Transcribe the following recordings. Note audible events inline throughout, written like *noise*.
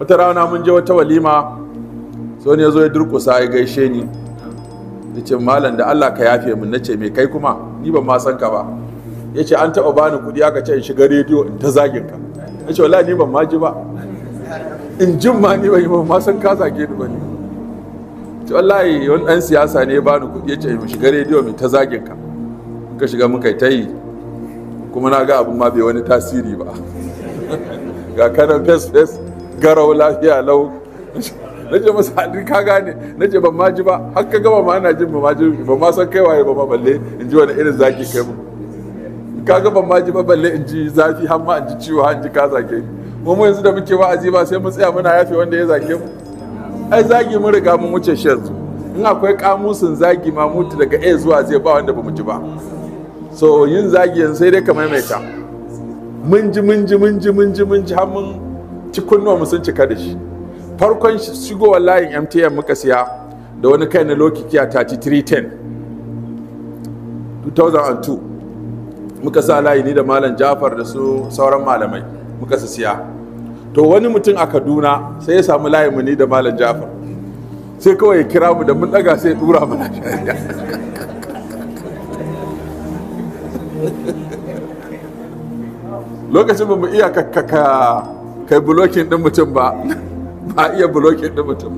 wata rana mun je wata walima so ne zo ya durkusa ya gaishe ni ya ce malam da Allah ka yafe min nace me kai kuma ni ban ma san ka ba ya ce an taɓa bani kuɗi aka ce in shiga rediyo in ta zagin ka ya ce wala ni ban ma ji ba in jin ma ni ban ma san ka zage ni ba ne to wallahi wani ɗan siyasa ne ya bani kuɗi ya ce in shiga rediyo mai ta zagin ka ka shiga muka ta yi kuma na ga abin ma bai wani tasiri ba *laughs* ga kanan fes fes garau lafiya lau na ce masa hadin ka gane na ce ban maji ji ba har ka gaba ma ana jin ba ma ji ba ma san kai waye ba ma balle in ji wani irin zaki kai mu ka ga ban ma ji ba balle in ji zafi har ma in ji ciwo har in ji ka zake. ni mu mu yanzu da muke wa'azi ba sai mu tsaya muna yafe wanda ya zake mu ai zagi mun riga mun wuce shi yanzu in akwai kamusin zagi ma mutu daga a zuwa zai ba wanda ba mu ji ba so yin zagi yanzu sai dai ka maimaita mun ji mun ji mun ji mun ji mun ji har mun cikunnuwa mu sun cika da shi farkon shigowar layin mtn muka siya da wani kai na lokikiya 3310 2002 muka sa layi ni da malam jafar da su sauran malamai muka su siya to wani mutum a kaduna sai ya samu layin mu ni da malam jafar sai kawai ya kira mu da mun daga sai ya dura mana lokacin ba mu iya kakaka kai blocking din mutum ba ba iya blocking din mutum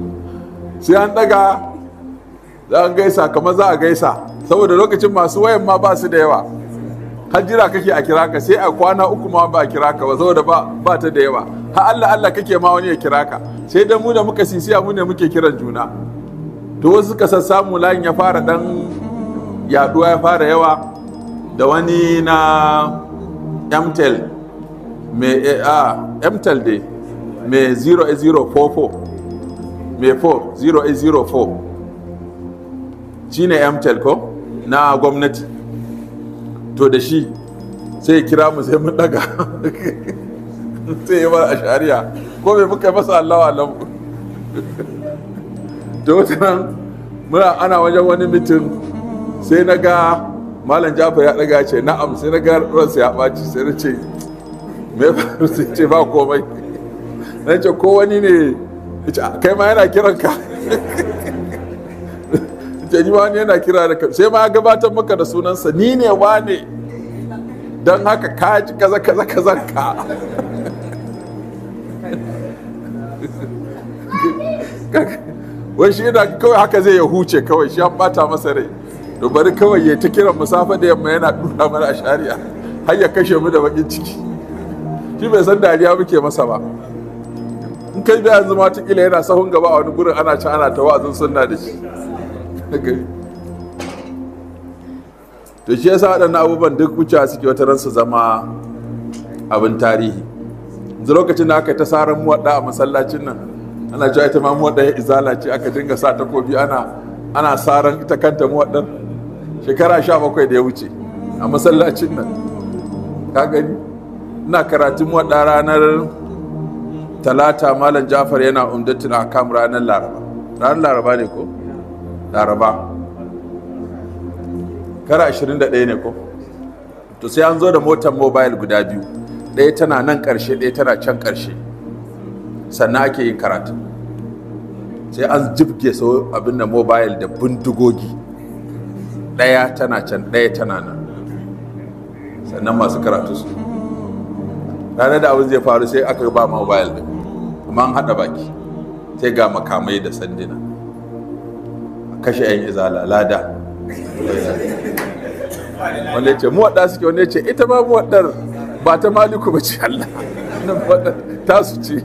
sai an daga za a gaisa kamar za a gaisa saboda lokacin masu wayan ma ba su da yawa har jira kake a kira ka sai a kwana uku ma ba a kira ka ba saboda ba ta da yawa har Allah Allah kake ma wani ya kira ka sai da mu da muka sisiya mu ne muke kiran juna to wasu suka samu layin ya fara dan yaduwa ya fara yawa da wani na Mtel mai a mtel de mai 08044 mai 4 0804 shine mtel ko na gwamnati to da shi sai kira mu sai mun daga *laughs* sai yi mara shari'a ko bai muka masa allawa lamu da wutan muna ana wajen wani mitin sai na ga malam jafa ya daga ce na'am sai na ga ransa ya ɓaci sai na ce me faru sai ce ba komai na ce ko wani ne kai ma yana kiran ka ce ni ma wani yana kira da ka sai ma ya gabatar maka da sunansa ni ne wa ne don haka ka ji kaza kaza kaza ka wai shi yana kawai haka zai ya huce kawai shi an bata masa rai to bari kawai ya ta kiran musafa da yamma yana dura mana a shari'a har ya kashe mu da bakin ciki shi bai san dariya muke masa ba in kai da yanzu ma kila yana sahun gaba a wani gurin ana ci ana ta wa'azin sunna da shi to shi yasa waɗannan abubuwan duk wuce suke wata ransu zama abin tarihi yanzu lokacin da aka ta saran muwaɗa a masallacin nan ana cewa ita ma muwaɗa ya izala ce aka dinga sa takobi ana ana saran ita kanta muwaɗan shekara sha bakwai da ya wuce a masallacin nan ka gani ina karatun waɗa ranar talata malam jafar yana a kam ranar laraba ranar laraba ne ko laraba kara 21 ne ko to sai an zo da motar mobile guda biyu ɗaya tana nan ƙarshe ɗaya tana can ƙarshe sannan ake yin karatu sai an jibge sau abin da mobile da bindigogi ɗaya tana can ɗaya tana nan sannan masu karatu su ranar da abin zai faru sai aka ba mobile din amma an haɗa baki sai ga makamai da sandina kashe 'yan izala lada wanda ya ce muwaɗa suke wanda ya ce ita ma mu waɗar ba ta maliku ba ce Allah ta su ce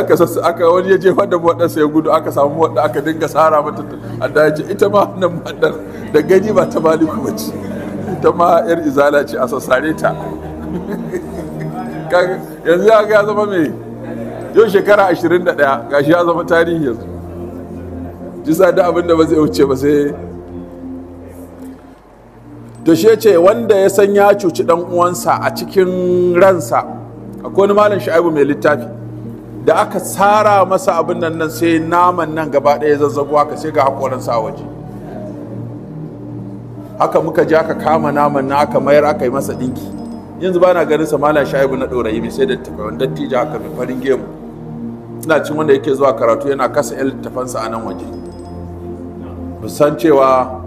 aka sassa aka wani ya je da muwaɗar sai ya gudu aka samu muwaɗa aka dinga tsara mata da ya ce ita ma wannan muwaɗar da gani ba ta maliku ba ce ita ma 'yar izala ce a sassare ta yanzu ya ga zama mai yau shekara 21 gashi ya zama tarihi yanzu jisa da abin da ba zai wuce ba sai to shi ce wanda ya san ya cuci dan uwansa a cikin ransa akwai wani malam sha'ibu mai littafi da aka tsara masa abin nan nan sai naman nan gaba ɗaya zazzago haka sai ga hakoransa a waje haka muka ji aka kama naman na aka mayar aka yi masa ɗinki yanzu ba na ganin mala shaibu na ɗorayi mai sai da tafayan dattijo haka mai farin gemu ina cin wanda yake zuwa karatu yana kasa yan littafansa a nan waje san cewa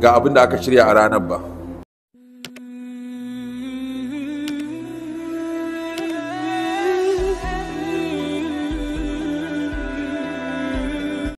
ga abin da aka shirya a ranar ba